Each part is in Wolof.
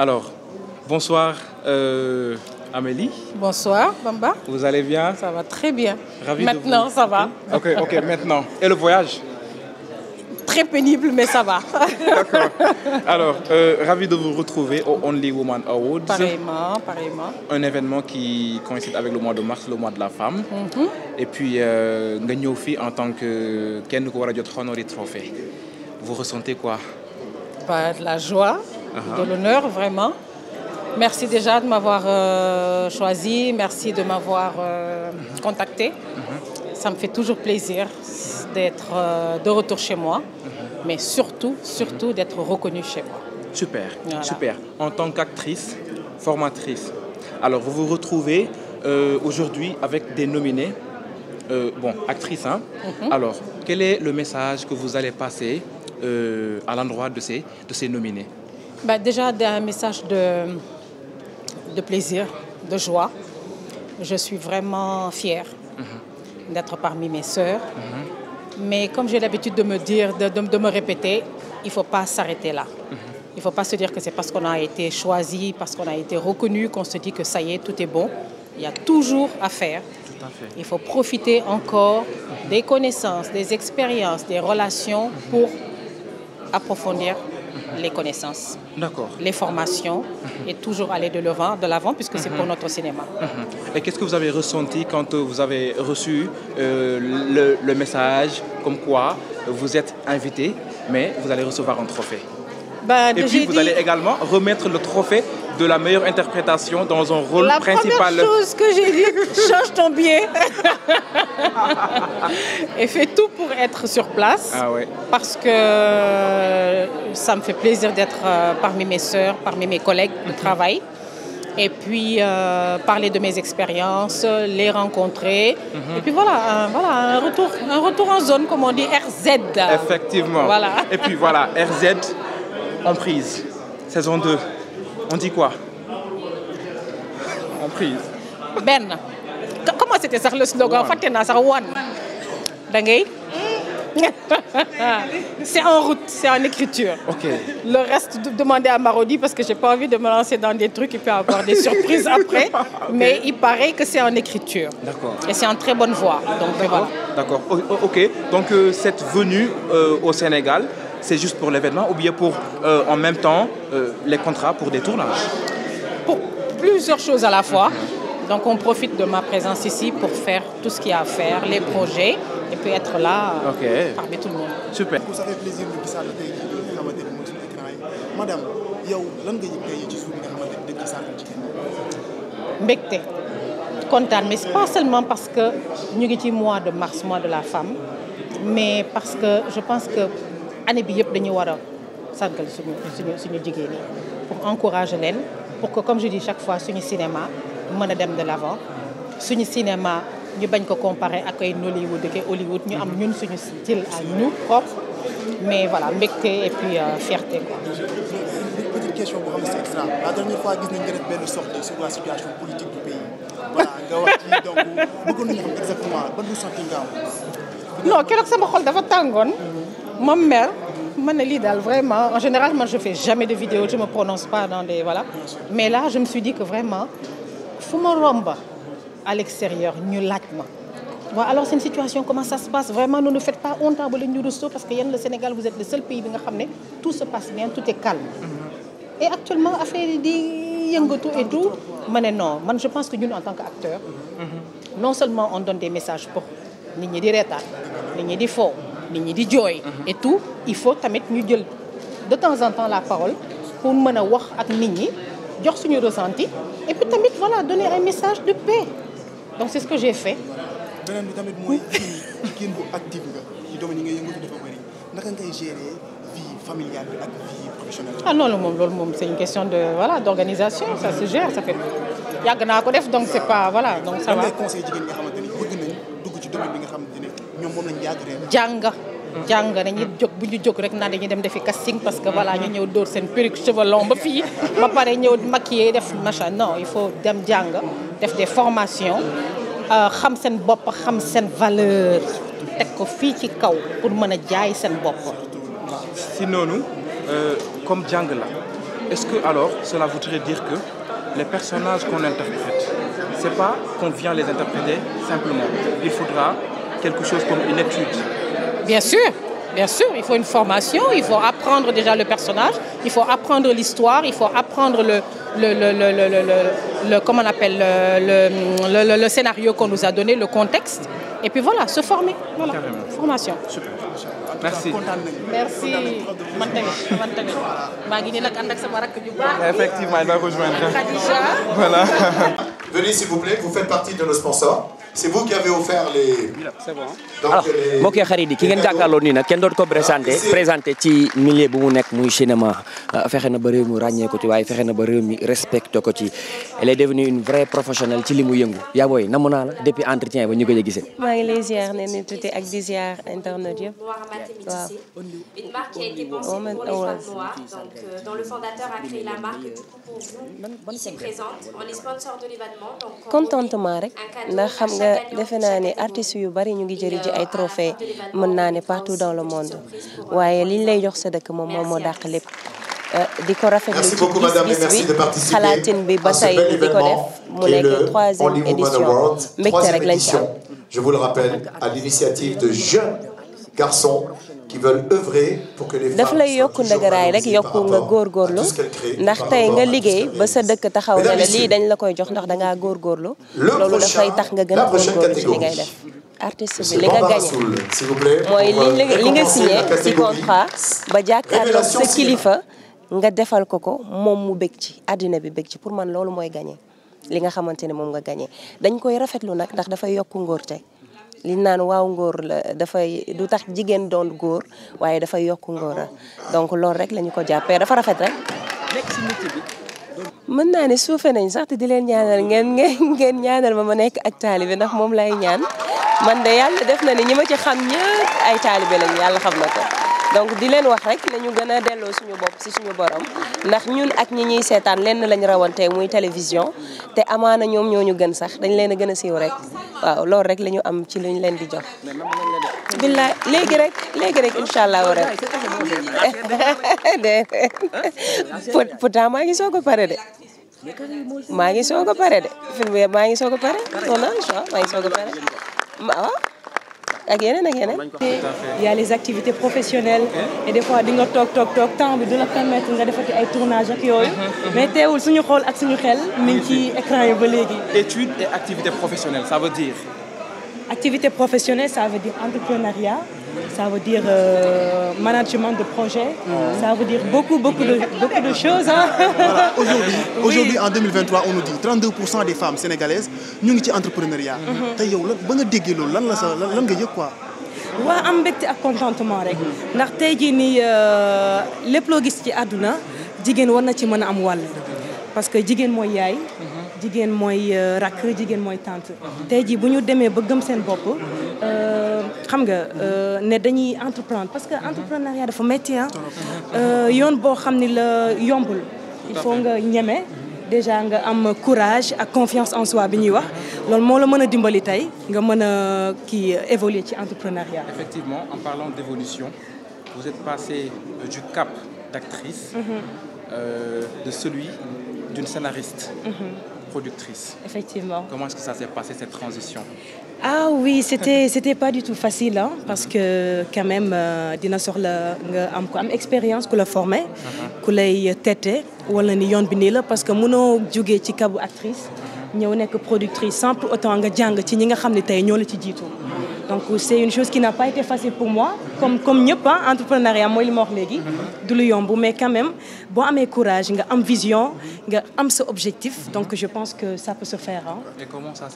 Alors, bonsoir euh, Amélie. Bonsoir Bamba. Vous allez bien va très bien. Ravi maintenant, de va. Et le voyage Très pénible, mais ça va. D'accord. Alors, euh, ravi de vous retrouver au Only Woman Awards. Pareillement, Un événement qui coïncide avec le mois de mars, le mois de la femme. Mhm. Et puis, euh, nga ñëw fii en tant que kenn ku war a jot Vous ressentez quoi Pas de la joie. Uh-huh. de l'honneur, vraiment. Merci déjà de m'avoir euh, choisi, merci de m'avoir euh, contacté. Mm me fait toujours plaisir d'être euh, de retour chez moi, uh-huh. mais surtout, surtout d'être reconnue chez moi. Super, voilà. super. En tant qu'actrice, formatrice, alors vous vous retrouvez euh, aujourd'hui avec des nominés, euh, bon, actrice, hein. Mm -hmm. quel est le message que vous allez passer euh, à l'endroit de ces, de ces Bah déjà un message de de plaisir, de joie. Je suis vraiment fière mm-hmm. d'être parmi mes sœurs. Mm-hmm. Mais comme j'ai l'habitude de me de, de, de me répéter, il faut pas s'arrêter là. Mm-hmm. Il faut pas se dire que c'est parce qu'on a été choisi, parce qu'on a été reconnu qu'on se dit que ça y est, tout est bon. Il y a toujours à faire. Tout à fait. Il faut profiter encore mm-hmm. des connaissances, des expériences, des relations mm-hmm. pour approfondir les connaissances. D'accord. Les formations et toujours aller de l'avant, de l'avant puisque c'est pour mhm. notre cinéma. Mhm. Et qu'est-ce que vous avez ressenti quand euh, vous avez reçu euh, le, le message comme quoi vous êtes invité, mais vous allez recevoir un trophée? Bah, et puis vous dit... allez également remettre le trophée de la meilleure interprétation dans un rôle principal. que j'ai dit, change ton billet. et fais tout pour être sur place. Ah Parce que euh, ça me fait plaisir d'être euh, parmi mes sœurs, parmi mes collègues de travail. Et euh, parler de mes expériences, les rencontrer. Mm-hmm. Et puis voilà, un, retour, en zone, comme on dit, RZ. Effectivement. Et RZ en prise, saison 2. on dit quoi en prise. benn comment c'était sax le slogan fàtte naa sax wan da ngay. c'est en route c'est en écriture. ok le reste demandez à Marodi parce que j'ai pas envie de me lancer dans des trucs qui peut avoir des surprises après. okay. mais il paraît que c'est en écriture. d'accord et c'est en très bonne voie. donc d'accord. voilà d'accord ok donc euh, cette venue euh, au Sénégal. c'est juste pour l'événement ou bien pour euh, en même temps euh, les contrats pour des tournages Pour plusieurs choses à la fois. Donc on profite de ma présence ici pour faire tout ce qu'il y à faire, les projets, et puis être là euh, okay. parmi tout le monde. mais pas seulement parce que ñu ngi ci mois de mars mois de la femme mais parce que je pense que année bi yëpp dañu war a sargal suñu suñu suñu jigéen yi pour encourager leen pour que comme je dis chaque fois suñu cinéma mën a dem de l'avant suñu cinéma ñu bañ ko comparer ak ay Nollywood ak ay Hollywood ñu am mhm. ñun suñu style à nous propre mais voilà mbégte et puis euh, fierté quoi. petite question boo xam ne la dernière fois donc bëggoon nañu xam exactement ban du sortie nga am. non keroog sama xol dafa tàngoon. moom mère man lii daal vraiment en général man je fais jamais de vidéo je me prononce pas dans des voilà mais là je me suis dit que vraiment fu romb à l'extérieur ñu laaj ma waaw alors seen situation comment ça se passe vraiment ne nous faites pas honte ba la ñu parce que le Sénégal vous êtes le seul pays bi nga xam ne tout se passe mm-hmm. et actuellement di yëngatu et tout ma ne non man je pense que ñun en tant qu'acteur mm-hmm. non seulement on donne des messages pour nit ñi di reetaan nit ñi di fo nit ñi di jooy. Mhm. et tout il faut tamit ñu jël de temps en temps la parole pour mën a wax ak nit ñi jox suñu ressenti et puis tamit voilà donner un message de paix donc c'est ce que j'ai fait. beneen bi tamit mooy jigéen bu active nga ci domaine yi ngay ah moom loolu moom c'est une question de voilà d'organisation ça se gère ça fait yàgg naa ko def donc c'est pas voilà donc ça va. jàng jàng dañuy jóg bu ñu jóg rek naan dañuy dem defi casting parce que voilà ñu ñëw dóor seen perruque cheveux long ba fii ba pare ñëw maquiller def machin non il faut dem jàng def des formations euh, xam seen bopp xam seen valeur teg ko fii ci kaw pour mën a jaay seen bopp si noonu euh, comme jàng la est-ce que alors cela voudrait dire que les personnages qu'on interprète c'est interpréter simplement il faudra quelque chose comme une étude Bien sûr, bien sûr, il faut une formation, il faut apprendre déjà le personnage, il faut apprendre l'histoire, il faut apprendre le, scénario qu'on nous a donné, le contexte. Et puis voilà, se former. Voilà, Carrément. formation. Super. merci merci man tamit man tamit effectivement elle va rejoindre. Khadija. voilà. c'est vous qui avez offert les. c'est bon donc alors mbokk xarit yi ki ngeen jàkkaarloo présenté présenté ci milieu bu mu nekk muy cinéma euh, fexe na ba réew mi ràññee waaye fexe na ba réew mi respecté ko ci elle est ci li mu yëngu yaa booy namu naa la depuis entretien ba ñu ko gisee. maa ngi lay ziar ne a été pensée pour euh, a créé se contentement rek ndax xam defe naa ne artistes yu bari ñu ngi jëri ji ay trophée mën naa ne partout dans le monde waaye liñ lay jox sa dëkk moom moom moo dàq lépp euh, di ko rafet ci gis-gis bi xalaatin bi ba tey di ko def mu nekk troisième édition mbégte rek lañ ci am. Je vous le rappelle, à l'initiative de jeunes garçons qui veulent œuvrer pour que les daf lay yokk ndagaraay rek yokk nga góorgóorlu ndax tey nga liggéey ba sa dëkk taxaw ne la lii dañ la koy jox ndax dangaa góorgóorlu loolu dafay tax nga gën a góorgóorlu ci li ngay def artiste bi li nga gagné mooy li nga euh, signé ci contrat ba jàkkaarloog sa kilifa nga defal ko ko moom mu bëgg ci àddina bi bëgg ci pour man loolu mooy gagné li nga xamante ne moom nga gagné dañ koy rafetlu nag ndax dafay yokk ngóor tey li naan waaw ngóor la dafay du tax jigéen doon góor waaye dafa yokk ngóora donc loolu rek lañu ñu ko jàppee dafa rafet rek. nekk ci métier mën naa ne suufe nañ sax di leen ñaanal ngeen ngeen ñaanal ma ma nekk ak taalibe ndax moom lay ñaan man de yàlla def na ni ñi ma ci xam ñëpp ay taalibe lañ yàlla xam na ko. donc di leen wax rek nañu gën a delloo suñu bopp si suñu borom ndax ñun ak ñi ñuy seetaan lenn lañ rawante muy télévision te amaana ñoom ñoo ñu gën sax dañ leen a gën a siiw rek waaw loolu rek la ñu am ci luñ leen di jox. billaay léegi rek léegi rek incha allah rek pourtant maa ngi soog a pare de. maa ngi soog a pare de film maa ngi soog a pare maa ngi soog a pare ah. ak yeneen ak yeneen. y a les activités professionnelles. et des fois di nga toog toog toog temps bi du la permettre nga defati ay tournage ak yooyu. Mm-hmm, mm-hmm. mais teewul suñu xool ak suñu xel. mi ngi ci écran ba léegi. études et activités professionnelles ça veut dire. activité professionnelle ça veut dire entrepreneuriat. ça veut dire euh, management de projet. Mmh. Ça veut dire beaucoup, beaucoup de, beaucoup de choses. Hein. Voilà. Aujourd'hui, oui. aujourd'hui, en 2023, on nous dit 32% des femmes sénégalaises ñu ngi ci entrepreneuriat. Mhm. te yow lan ba nga déggee loolu lan la sa lan nga yëg quoi. waa am mbégte ak contentement rek. Mhm. ndax tey jii nii euh, lépp loo gis ci àdduna jigéen war na ci mën a am wàll. parce que jigéen mooy yaay. Mhm. jigéen mooy euh, rakk jigéen mooy tante tey jii bu ñu demee ba gëm seen bopp euh, xam nga euh, ne dañuy entreprendre parce que entrepreneuriat dafa métti yoon boo xam ni la yombul il faut nga ñeme déjà nga am courage ak confiance en soi bi ñuy wax loolu moo la mën a dimbali tey nga mën a kii évoluer ci entrepreneuriat effectivement en parlant d'évolution vous êtes passé du cap d'actrice mhm. euh, de celui d'une scénariste, mhm. productrice. Effectivement. Comment est-ce que ça s'est passé, transition ah c'était pas du tout facile parce que quand même euh, dina soxla nga am ko am expérience ku la formé uh-huh. ku lay tete wala ni yoon bi nii la parce que mënoo jógee ci kabu actrice uh-huh. ñëw nekk productrice sans pour autant nga jàng ci ñi nga xam ne tey ñoo la ci jiitu donc c' est une chose qui n'a pas été facile pour moi comme comme ñëpp ah entrepreneuriat mooy li ma wax léegi. du lu yomb mais quand même boo amee courage nga am vision nga am sa objectif donc je pense que ça peut se faire ah. et comment ça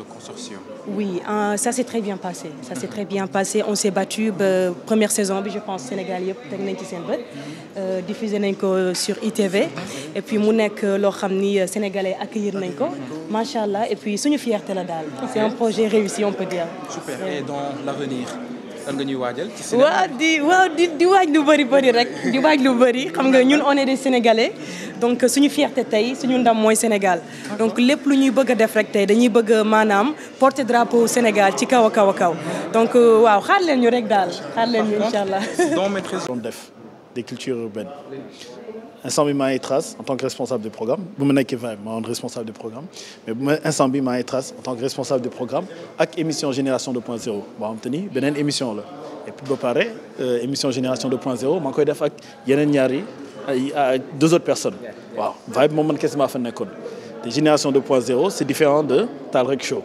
de consortium. oui euh, ça s'est très bien passé. ça s'est très bien passé euh, première saison bi je pense Sénégal yëpp teg nañ ci seen bët. Euh, diffusé nañ ko sur ITV. et puis mu nekk euh, loo xam ni sénégalais accueillir nañ ko. macha allah et puis suñu fierté la daal. c'est un projet réussi on peut dire. super et nga ñuy waajal ci Sénégal waaw di waaw di di waaj lu bëri bëri rek di waaj lu bëri xam nga ñun on est des sénégalais donc suñu fierté tey suñu ndam mooy Sénégal donc lépp lu ñuy bëgg a def rek tey dañuy bëgg maanaam porte drapeau Sénégal ci kaw a kaw a kaw donc euh, waaw xaar leen ñu rek daal xaar leen ñu incha allah. des cultures urbaines. instant bi maa ngi trace en tant que responsable de programme bu ma nekkee vingt ma woon responsable de programme mais bu maa ngi trace en tant que responsable de programme ak émission génération 2.0 boo xam te ni beneen émission la et puis ba pare euh, émission génération 2.0 maa ngi koy def ak yeneen ñaari ay deux autres personnes waaw vibe moom man kese maa fa nekkoon te génération 2.0 c'est différent de Tal Show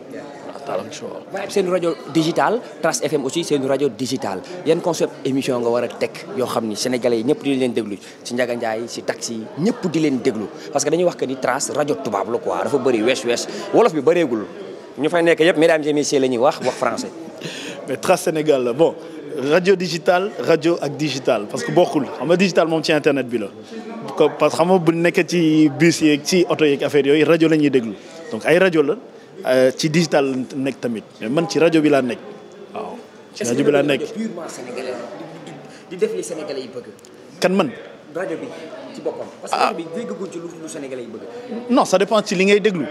digital am sure. Vibe seen rajo digital Trace FM aussi seen rajo digital yan concept émission nga war a teg yoo xam ni sénégalais yi ñëpp di leen déglu si Ndiaga Ndiaye si taxi ñëpp di leen déglu parce que dañuy wax que ni Trace rajo tubaab la ko dafa bëri wees wees wolof bi bëreegul ñu fay nekk yëpp mesdames et messieurs la ñuy wax wax français. mais Trace Sénégal la bon rajo digital rajo ak digital parce que bokkul xam nga digital moom ci internet bi la. parce que xam nga bu nekkee ci bus yeeg ci la ñuy déglu donc Euh, ci digital nekk tamit mais man ci rajo bi laa nekk ci rajo bi laa nekk def li Sénégalais yi bëgg. kan man. rajo bi ci boppam. parce que ah. rajo bi non ça dépend ci li ngay déglu.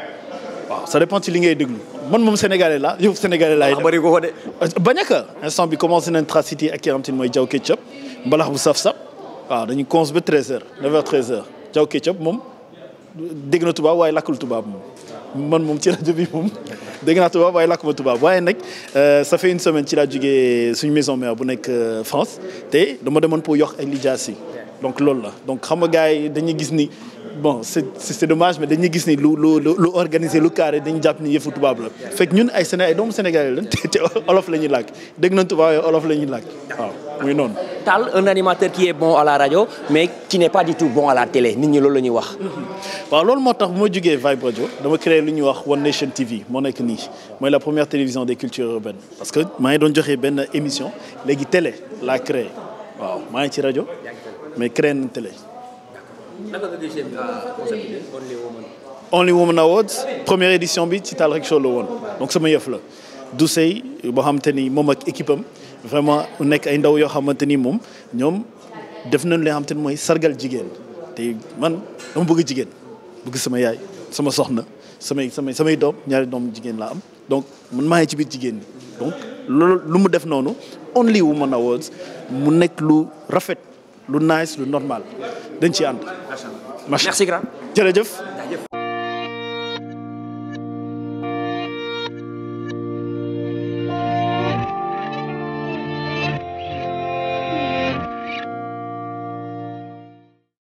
waaw ça dépend ci li ngay déglu man moom sénégalais la yow sénégalais laay ah, def bëri ko de. bañ a instant bi commencé nañ Tracity ak ki nga xam te ne mooy Diaw Ketchup mbalax bu saf-saf waaw dañuy cons ba 13h 9h 13h Diaw Ketchup moom dégg na tubaab waaye lakkul tubaab moom. man moom ci rajo bi moom dégg naa tubaab waaye làkkuma tubaab waaye nag sa euh, fait une semaine ci laa jógee suñu maison mère bu nekk euh, France te dama demoon pour yox ay lijaas yi donc loolu la donc xam nga gars yi dañuy gis ni bon c' est c' est dommage mais dañuy gis ni lu lu lu organisé lu carré dañu jàpp ni yëfu tubaab la fekk ñun ay Sénégal ay doomu Sénégalais lañ olof la ñuy làkk dégg nañ tubaab olof la ñuy làkk waaw muy noonu. Tall un animateur qui est bon à la radio mais qui n'est pas du tout bon à la télé nit ñi loolu la ñuy wax. Mm-hmm. waaw lool moo tax bu ma jugee Vibe Radio dama créé lu ñuy wax One Nation TV moo nekk nii mooy la première télévision des cultures urbaines parce que maa ngi doon joxe benn émission léegi télé laa waaw maa ngi ci rajo mais créé nañ naka nga gisee concept bi Only Woman. Only Woman Awards première édition bi ci Tal Rek Show la woon donc sama yëf la du sey boo xamante ni moom ak équipe am vraiment nekk ay ndaw yoo xamante ni moom ñoom def nañ li xam xamante ni mooy sargal jigéen te man dama bëgg jigéen bëgg sama yaay sama soxna samay samay samay doom ñaari doom jigéen laa am donc man maa ngi ci biir jigéen ñi donc lu mu def noonu Only Woman Awards mu nekk lu rafet lu nice lu normal dañ ciy ànd. macha allah merci grand jërëjëf.